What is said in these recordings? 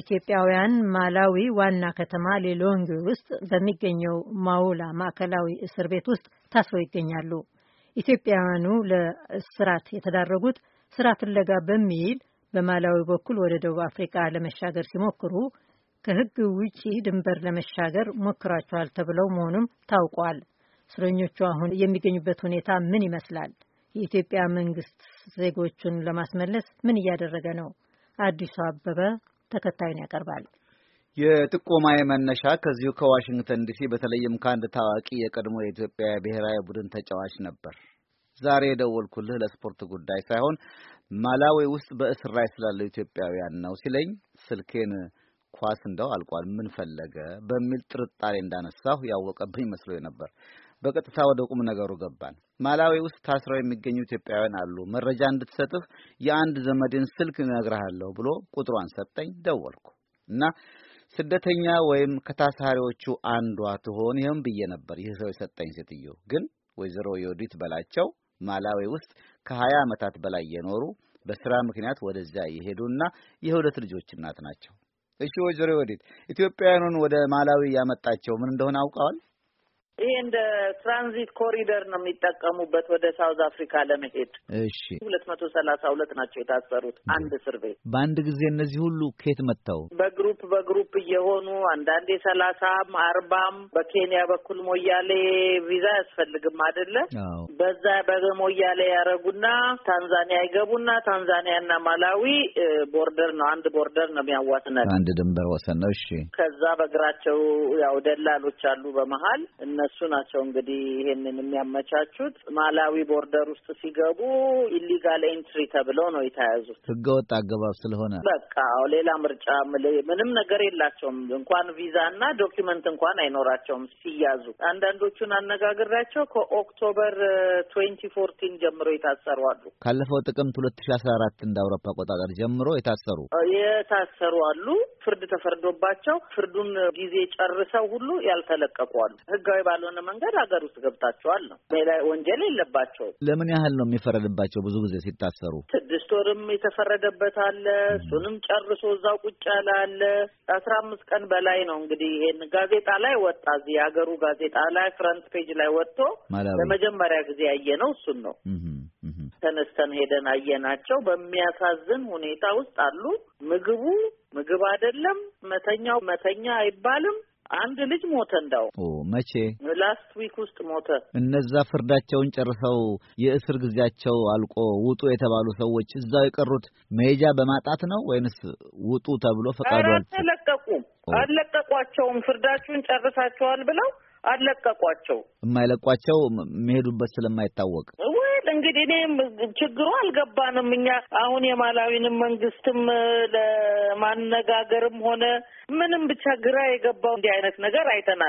ኢትዮጵያውያን ማላዊ ዋና ከተማ ሌሎንግ ውስጥ በሚገኘው ማውላ ማዕከላዊ እስር ቤት ውስጥ ታስረው ይገኛሉ። ኢትዮጵያውያኑ ለእስራት የተዳረጉት ስራ ፍለጋ በሚል በማላዊ በኩል ወደ ደቡብ አፍሪካ ለመሻገር ሲሞክሩ ከሕግ ውጪ ድንበር ለመሻገር ሞክራቸዋል ተብለው መሆኑም ታውቋል። እስረኞቹ አሁን የሚገኙበት ሁኔታ ምን ይመስላል? የኢትዮጵያ መንግስት ዜጎቹን ለማስመለስ ምን እያደረገ ነው? አዲሱ አበበ ተከታዩን ያቀርባል። የጥቆማዬ መነሻ ከዚሁ ከዋሽንግተን ዲሲ በተለይም ከአንድ ታዋቂ የቀድሞ የኢትዮጵያ ብሔራዊ ቡድን ተጫዋች ነበር። ዛሬ የደወልኩልህ ለስፖርት ጉዳይ ሳይሆን ማላዊ ውስጥ በእስር ላይ ስላለው ኢትዮጵያውያን ነው ሲለኝ ስልኬን ኳስ እንደው አልቋል ምን ፈለገ በሚል ጥርጣሬ እንዳነሳሁ ያወቀብኝ መስሎኝ ነበር። በቀጥታ ወደ ቁም ነገሩ ገባን። ማላዊ ውስጥ ታስረው የሚገኙ ኢትዮጵያውያን አሉ፣ መረጃ እንድትሰጥህ የአንድ ዘመድን ስልክ እነግርሃለሁ ብሎ ቁጥሯን ሰጠኝ። ደወልኩ እና ስደተኛ ወይም ከታሳሪዎቹ አንዷ ትሆን ይህም ብዬ ነበር። ይህ ሰው የሰጠኝ ሴትዮ ግን ወይዘሮ የወዲት በላቸው ማላዊ ውስጥ ከሀያ ዓመታት በላይ የኖሩ በስራ ምክንያት ወደዚያ የሄዱና የሁለት ልጆች እናት ናቸው። እሺ ወይዘሮ የወዲት ኢትዮጵያውያኑን ወደ ማላዊ ያመጣቸው ምን እንደሆነ አውቀዋል? ይሄ እንደ ትራንዚት ኮሪደር ነው የሚጠቀሙበት ወደ ሳውዝ አፍሪካ ለመሄድ። እሺ ሁለት መቶ ሰላሳ ሁለት ናቸው የታሰሩት አንድ እስር ቤት በአንድ ጊዜ። እነዚህ ሁሉ ኬት መጥተው በግሩፕ በግሩፕ እየሆኑ አንዳንዴ ሰላሳም አርባም በኬንያ በኩል ሞያሌ ቪዛ አያስፈልግም አይደለ? በዛ በሞያሌ ያረጉና ታንዛኒያ ይገቡና ታንዛኒያና ማላዊ ቦርደር ነው አንድ ቦርደር ነው የሚያዋስነት አንድ ድንበር ወሰን ነው። እሺ ከዛ በእግራቸው ያው ደላሎች አሉ በመሀል እነ እነሱ ናቸው እንግዲህ ይሄንን የሚያመቻቹት። ማላዊ ቦርደር ውስጥ ሲገቡ ኢሊጋል ኤንትሪ ተብለው ነው የተያዙት፣ ህገወጥ አገባብ ስለሆነ በቃ ሌላ ምርጫ ምንም ነገር የላቸውም። እንኳን ቪዛ እና ዶኪመንት እንኳን አይኖራቸውም ሲያዙ። አንዳንዶቹን አነጋግሬያቸው ከኦክቶበር ትዌንቲ ፎርቲን ጀምሮ የታሰሩ አሉ። ካለፈው ጥቅምት ሁለት ሺ አስራ አራት እንደ አውሮፓ አቆጣጠር ጀምሮ የታሰሩ የታሰሩ አሉ። ፍርድ ተፈርዶባቸው ፍርዱን ጊዜ ጨርሰው ሁሉ ያልተለቀቁ አሉ። ህጋዊ ባ ባልሆነ መንገድ ሀገር ውስጥ ገብታቸዋል ነው። ሌላ ወንጀል የለባቸውም። ለምን ያህል ነው የሚፈረድባቸው? ብዙ ጊዜ ሲታሰሩ ስድስት ወርም የተፈረደበት አለ። እሱንም ጨርሶ እዛው ቁጭ ያለ አለ። አስራ አምስት ቀን በላይ ነው እንግዲህ ይሄን ጋዜጣ ላይ ወጣ። እዚህ የሀገሩ ጋዜጣ ላይ ፍረንት ፔጅ ላይ ወጥቶ ለመጀመሪያ ጊዜ ያየ ነው እሱን ነው ተነስተን ሄደን አየናቸው። በሚያሳዝን ሁኔታ ውስጥ አሉ። ምግቡ ምግብ አይደለም፣ መተኛው መተኛ አይባልም። አንድ ልጅ ሞተ። እንዳው መቼ ላስት ዊክ ውስጥ ሞተ። እነዛ ፍርዳቸውን ጨርሰው የእስር ጊዜያቸው አልቆ ውጡ የተባሉ ሰዎች እዛው የቀሩት መሄጃ በማጣት ነው ወይንስ ውጡ ተብሎ ፈቃዱ አልተለቀቁም? አልለቀቋቸውም። ፍርዳችሁን ጨርሳችኋል ብለው አለቀቋቸው። የማይለቋቸው የሚሄዱበት ስለማይታወቅ እንግዲህ እኔም ችግሩ አልገባንም። እኛ አሁን የማላዊንም መንግስትም ለማነጋገርም ሆነ ምንም ብቻ ግራ የገባው እንዲህ አይነት ነገር አይተን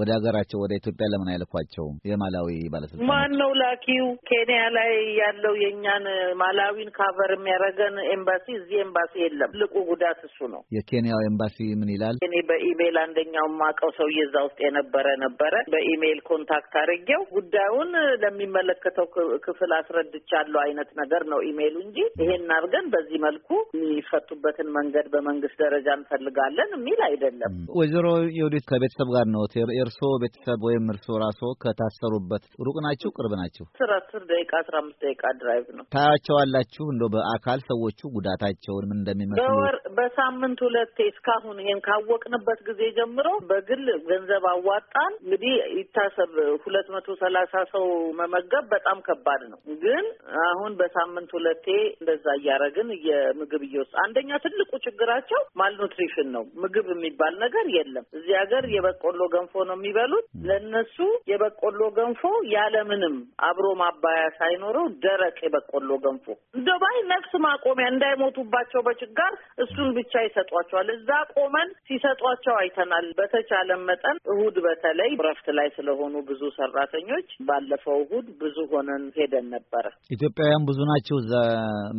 ወደ ሀገራቸው ወደ ኢትዮጵያ ለምን አይልኳቸውም? የማላዊ ባለስልጣን ማን ነው ላኪው? ኬንያ ላይ ያለው የእኛን ማላዊን ካቨር የሚያደርገን ኤምባሲ እዚህ ኤምባሲ የለም። ትልቁ ጉዳት እሱ ነው። የኬንያው ኤምባሲ ምን ይላል? እኔ በኢሜይል አንደኛው ማቀው ሰውዬ ውስጥ የነበረ ነው ነበረ። በኢሜይል ኮንታክት አድርጌው ጉዳዩን ለሚመለከተው ክፍል አስረድቻለሁ አይነት ነገር ነው ኢሜይሉ እንጂ ይሄን አድርገን በዚህ መልኩ የሚፈቱበትን መንገድ በመንግስት ደረጃ እንፈልጋለን የሚል አይደለም። ወይዘሮ የውዲት ከቤተሰብ ጋር ነው የእርስዎ ቤተሰብ ወይም እርስዎ ራሶ ከታሰሩበት ሩቅ ናችሁ ቅርብ ናችሁ? አስር አስር ደቂቃ አስራ አምስት ደቂቃ ድራይቭ ነው። ታያቸዋላችሁ እንደ በአካል ሰዎቹ ጉዳታቸውን ምን እንደሚመስሉ በሳምንት ሁለቴ እስካሁን ይሄን ካወቅንበት ጊዜ ጀምሮ በግል ገንዘብ አዋጣን እንግዲህ ይታሰብ ሁለት መቶ ሰላሳ ሰው መመገብ በጣም ከባድ ነው። ግን አሁን በሳምንት ሁለቴ እንደዛ እያደረግን የምግብ እየወስ አንደኛ ትልቁ ችግራቸው ማልኑትሪሽን ነው። ምግብ የሚባል ነገር የለም እዚህ ሀገር። የበቆሎ ገንፎ ነው የሚበሉት። ለነሱ የበቆሎ ገንፎ ያለምንም አብሮ ማባያ ሳይኖረው ደረቅ የበቆሎ ገንፎ እንደ ባይ ነፍስ ማቆሚያ እንዳይሞቱባቸው በችጋር እሱን ብቻ ይሰጧቸዋል። እዛ ቆመን ሲሰጧቸው አይተናል። በተቻለ መጠን እሁድ በተለይ በተለይ ረፍት ላይ ስለሆኑ ብዙ ሰራተኞች ባለፈው እሁድ ብዙ ሆነን ሄደን ነበረ። ኢትዮጵያውያን ብዙ ናቸው እዛ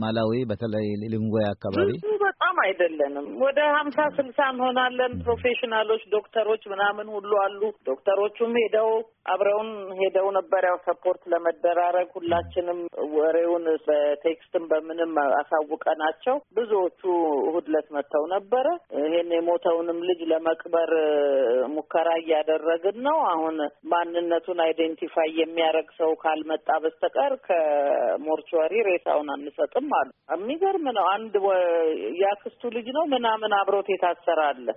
ማላዊ፣ በተለይ ሊሎንግዌ አካባቢ ብዙ በጣም አይደለንም፣ ወደ ሀምሳ ስልሳ እንሆናለን። ፕሮፌሽናሎች ዶክተሮች ምናምን ሁሉ አሉ። ዶክተሮቹም ሄደው አብረውን ሄደው ነበር። ያው ሰፖርት ለመደራረግ ሁላችንም ወሬውን በቴክስትም በምንም አሳውቀናቸው ብዙዎቹ እሁድ ዕለት መጥተው ነበረ። ይሄን የሞተውንም ልጅ ለመቅበር ሙከራ እያደረግን ነው። አሁን ማንነቱን አይዴንቲፋይ የሚያደርግ ሰው ካልመጣ በስተቀር ከሞርቹዋሪ ሬሳውን አንሰጥም አሉ። የሚገርም ነው። አንድ ያክስቱ ልጅ ነው ምናምን አብሮት የታሰራለ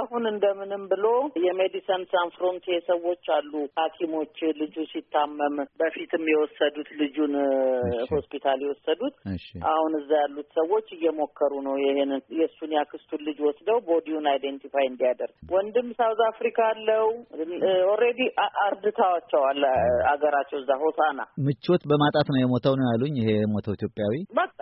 አሁን እንደምንም ብሎ የሜዲሰን ሳን ፍሮንቲር ሰዎች አሉ ሐኪሞች ልጁ ሲታመም በፊትም የወሰዱት ልጁን ሆስፒታል የወሰዱት አሁን እዛ ያሉት ሰዎች እየሞከሩ ነው። ይሄንን የእሱን ያክስቱን ልጅ ወስደው ቦዲውን አይዴንቲፋይ እንዲያደርግ ወንድም ሳውዝ አፍሪካ አለው። ኦልሬዲ አርድታዋቸዋል አገራቸው እዛ ሆሳና ምቾት በማጣት ነው የሞተው ነው ያሉኝ። ይሄ የሞተው ኢትዮጵያዊ በቃ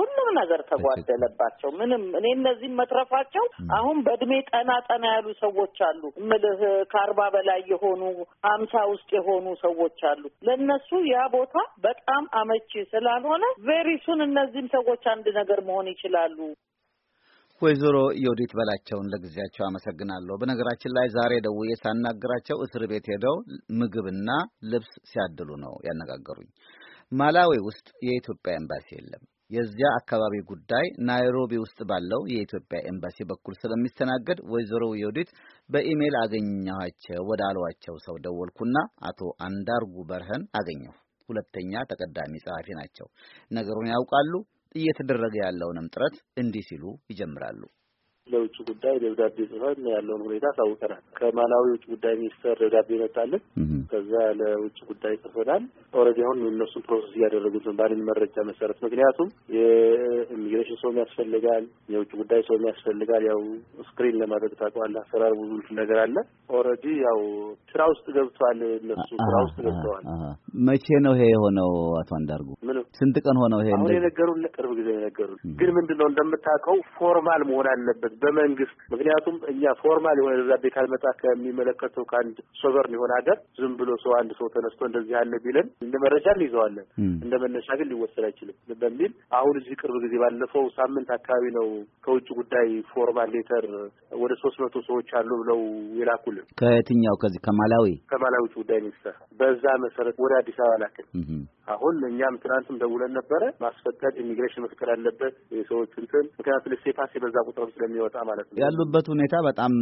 ሁሉም ነገር ተጓደለባቸው። ምንም እኔ እነዚህም መትረፋቸው አሁን በድ እድሜ ጠና ጠና ያሉ ሰዎች አሉ እምልህ ከአርባ በላይ የሆኑ ሀምሳ ውስጥ የሆኑ ሰዎች አሉ። ለእነሱ ያ ቦታ በጣም አመቺ ስላልሆነ ቬሪሱን እነዚህም ሰዎች አንድ ነገር መሆን ይችላሉ። ወይዘሮ የወዲት በላቸውን ለጊዜያቸው አመሰግናለሁ። በነገራችን ላይ ዛሬ ደውዬ ሳናግራቸው እስር ቤት ሄደው ምግብና ልብስ ሲያድሉ ነው ያነጋገሩኝ። ማላዊ ውስጥ የኢትዮጵያ ኤምባሲ የለም። የዚያ አካባቢ ጉዳይ ናይሮቢ ውስጥ ባለው የኢትዮጵያ ኤምባሲ በኩል ስለሚስተናገድ ወይዘሮ የውዲት በኢሜይል አገኘኋቸው አሏቸው ሰው ደወልኩና አቶ አንዳርጉ በርህን አገኘሁ። ሁለተኛ ተቀዳሚ ጸሐፊ ናቸው። ነገሩን ያውቃሉ። እየተደረገ ያለውንም ጥረት እንዲህ ሲሉ ይጀምራሉ። ለውጭ ጉዳይ ደብዳቤ ጽፈን ያለውን ሁኔታ አሳውቀናል። ከማላዊ ውጭ ጉዳይ ሚኒስተር ደብዳቤ መጣልን። ከዛ ለውጭ ጉዳይ ጽፈናል። ኦልሬዲ አሁን እነሱን ፕሮሰስ እያደረጉት ነው ባንን መረጃ መሰረት። ምክንያቱም የኢሚግሬሽን ሰውም ያስፈልጋል፣ የውጭ ጉዳይ ሰውም ያስፈልጋል። ያው ስክሪን ለማድረግ ታውቀዋለህ፣ አሰራር ብዙ ነገር አለ። ኦልሬዲ ያው ስራ ውስጥ ገብቷል። እነሱ ስራ ውስጥ ገብተዋል። መቼ ነው ይሄ የሆነው? አቶ አንዳርጉ ምን ስንት ቀን ሆነው? ይሄ አሁን የነገሩን ቅርብ ጊዜ የነገሩን ግን ምንድን ነው እንደምታውቀው ፎርማል መሆን አለበት በመንግስት ምክንያቱም እኛ ፎርማል የሆነ ደብዳቤ ካልመጣ ከሚመለከተው ከአንድ ሶቨርን የሆነ ሀገር ዝም ብሎ ሰው አንድ ሰው ተነስቶ እንደዚህ ያለ ቢለን እንደ መረጃ እንይዘዋለን፣ እንደ መነሻ ግን ሊወሰድ አይችልም በሚል አሁን እዚህ ቅርብ ጊዜ ባለፈው ሳምንት አካባቢ ነው ከውጭ ጉዳይ ፎርማል ሌተር ወደ ሶስት መቶ ሰዎች አሉ ብለው የላኩልን ከየትኛው ከዚህ ከማላዊ ከማላዊ ውጭ ጉዳይ ሚኒስተር በዛ መሰረት ወደ አዲስ አበባ ላክን። አሁን እኛም ትናንትም ደውለን ነበረ ማስፈቀድ ኢሚግሬሽን መፍቀድ አለበት ስም ምክንያቱ ልሴ ልሴፓስ የበዛ ቁጥር ስለሚወጣ ማለት ነው። ያሉበት ሁኔታ በጣም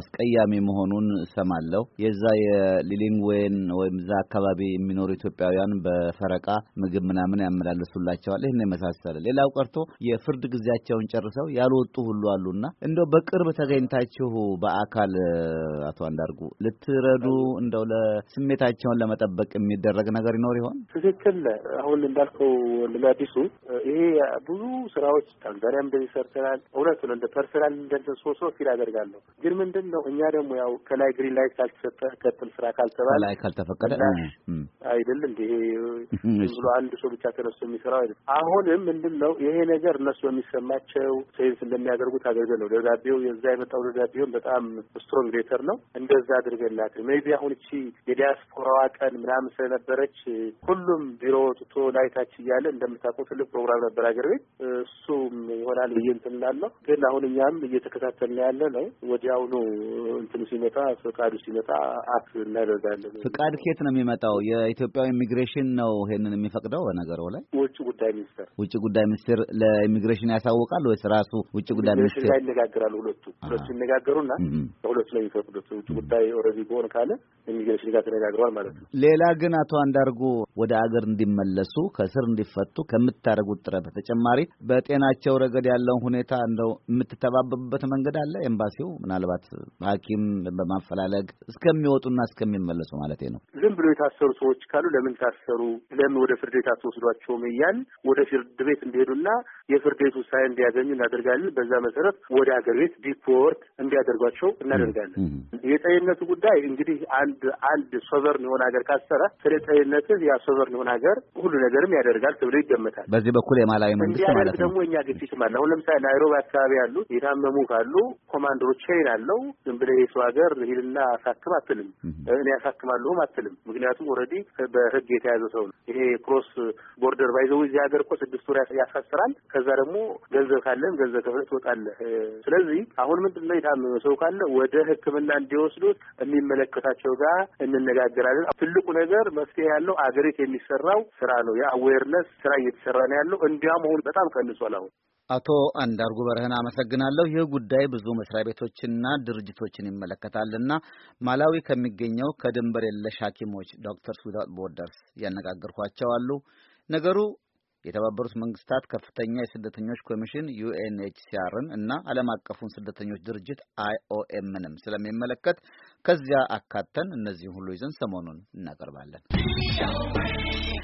አስቀያሚ መሆኑን እሰማለሁ። የዛ የሊሊንግዌን ወይም እዛ አካባቢ የሚኖሩ ኢትዮጵያውያን በፈረቃ ምግብ ምናምን ያመላለሱላቸዋል። ይህን የመሳሰለ ሌላው ቀርቶ የፍርድ ጊዜያቸውን ጨርሰው ያልወጡ ሁሉ አሉና እንደው በቅርብ ተገኝታችሁ በአካል አቶ አንዳርጉ ልትረዱ እንደው ለስሜታቸውን ለመጠበቅ የሚደረግ ነገር ይኖር ይሆን? ትክክል አሁን እንዳልከው አዲሱ ይሄ ብዙ ስራዎች ታንዛኒያም እንደዚህ ሰርተናል። ነው። እንደ ፐርሰናል እንደንትን ሶሶ ፊል አደርጋለሁ። ግን ምንድን ነው እኛ ደግሞ ያው ከላይ ግሪን ላይት ካልተሰጠ ቀጥል ስራ ካልተባለ ላይ ካልተፈቀደ አይደል እንዲ ይሄ ብሎ አንድ ሰው ብቻ ተነስቶ የሚሰራው አይደል። አሁንም ምንድን ነው ይሄ ነገር እነሱ የሚሰማቸው ሴንስ እንደሚያደርጉት አድርገን ነው ደብዳቤው የዛ የመጣው ደብዳቤውን በጣም ስትሮንግ ሌተር ነው እንደዛ አድርገን ሜቢ አሁን እቺ የዲያስፖራዋ ቀን ምናምን ስለነበረች ሁሉም ሁሉም ቢሮ ወጥቶ ላይታች እያለ እንደምታውቀው ትልቅ ፕሮግራም ነበር ሀገር ቤት። እሱም ይሆናል ብዬ እንትን እላለሁ። ግን አሁን እኛም እየተከታተልን ያለ ነው። ወዲያውኑ እንትኑ ሲመጣ ፍቃዱ ሲመጣ አፕ እናደርጋለን። ፍቃድ ኬት ነው የሚመጣው? የኢትዮጵያ ኢሚግሬሽን ነው ይሄንን የሚፈቅደው። በነገሩ ላይ ውጭ ጉዳይ ሚኒስቴር ውጭ ጉዳይ ሚኒስቴር ለኢሚግሬሽን ያሳውቃል ወይስ ራሱ ውጭ ጉዳይ ሚኒስቴር ላይ ይነጋገራሉ? ሁለቱ ሁለቱ ይነጋገሩና በሁለቱ ነው የሚፈቅዱት ውጭ ጉዳይ ኦልሬዲ ከሆነ ካለ ኢሚግሬሽን ጋር ተነጋግሯል ማለት ነው። ሌላ ግን አቶ አንዳርጉ ወደ ሀገር እንዲመለሱ ከእስር እንዲፈቱ ከምታደርጉት ጥረት በተጨማሪ በጤናቸው ረገድ ያለውን ሁኔታ እንደው የምትተባበቡበት መንገድ አለ? ኤምባሲው ምናልባት ሐኪም በማፈላለግ እስከሚወጡና እስከሚመለሱ ማለት ነው። ዝም ብሎ የታሰሩ ሰዎች ካሉ ለምን ታሰሩ፣ ለምን ወደ ፍርድ ቤት አትወስዷቸውም እያል ወደ ፍርድ ቤት እንዲሄዱና የፍርድ ቤት ውሳኔ እንዲያገኙ እናደርጋለን። በዛ መሰረት ወደ ሀገር ቤት ዲፖርት እንዲያደርጓቸው እናደርጋለን። የጠይነቱ ጉዳይ እንግዲህ አንድ አንድ ሶቨርን የሆነ ሀገር ካሰረ ስለ ጠይነትህ ያ ሶቨርን ያልሆነ ሀገር ሁሉ ነገርም ያደርጋል ተብሎ ይገመታል። በዚህ በኩል የማላዊ መንግስት ማለት ነው ደግሞ እኛ ግፊትም አለ። አሁን ለምሳሌ ናይሮቢ አካባቢ ያሉት የታመሙ ካሉ ኮማንደሮች ሸይን አለው ዝም ብለህ የሰው ሀገር ሂድና አሳክም አትልም፣ እኔ አሳክማለሁም አትልም። ምክንያቱም ኦልሬዲ በህግ የተያዘ ሰው ነው። ይሄ ክሮስ ቦርደር ባይዘው እዚህ ሀገር እኮ ስድስት ወር ያሳስራል። ከዛ ደግሞ ገንዘብ ካለን ገንዘብ ከፍለህ ትወጣለህ። ስለዚህ አሁን ምንድን ነው የታመመ ሰው ካለ ወደ ሕክምና እንዲወስዱት የሚመለከታቸው ጋር እንነጋገራለን። ትልቁ ነገር መፍትሄ ያለው አገሪት የሚ የሚሰራው ስራ ነው። የአዌርነስ ስራ እየተሰራ ነው ያለው። እንዲያም አሁን በጣም ቀንሷል። አሁን አቶ አንዳርጉ በረህን አመሰግናለሁ። ይህ ጉዳይ ብዙ መስሪያ ቤቶችና ድርጅቶችን ይመለከታልና ማላዊ ከሚገኘው ከድንበር የለሽ ሐኪሞች ዶክተርስ ዊዛውት ቦርደርስ ያነጋገርኳቸው አሉ። ነገሩ የተባበሩት መንግስታት ከፍተኛ የስደተኞች ኮሚሽን ዩኤንኤችሲአርን እና ዓለም አቀፉን ስደተኞች ድርጅት አይኦኤምንም ስለሚመለከት ከዚያ አካተን እነዚህን ሁሉ ይዘን ሰሞኑን እናቀርባለን።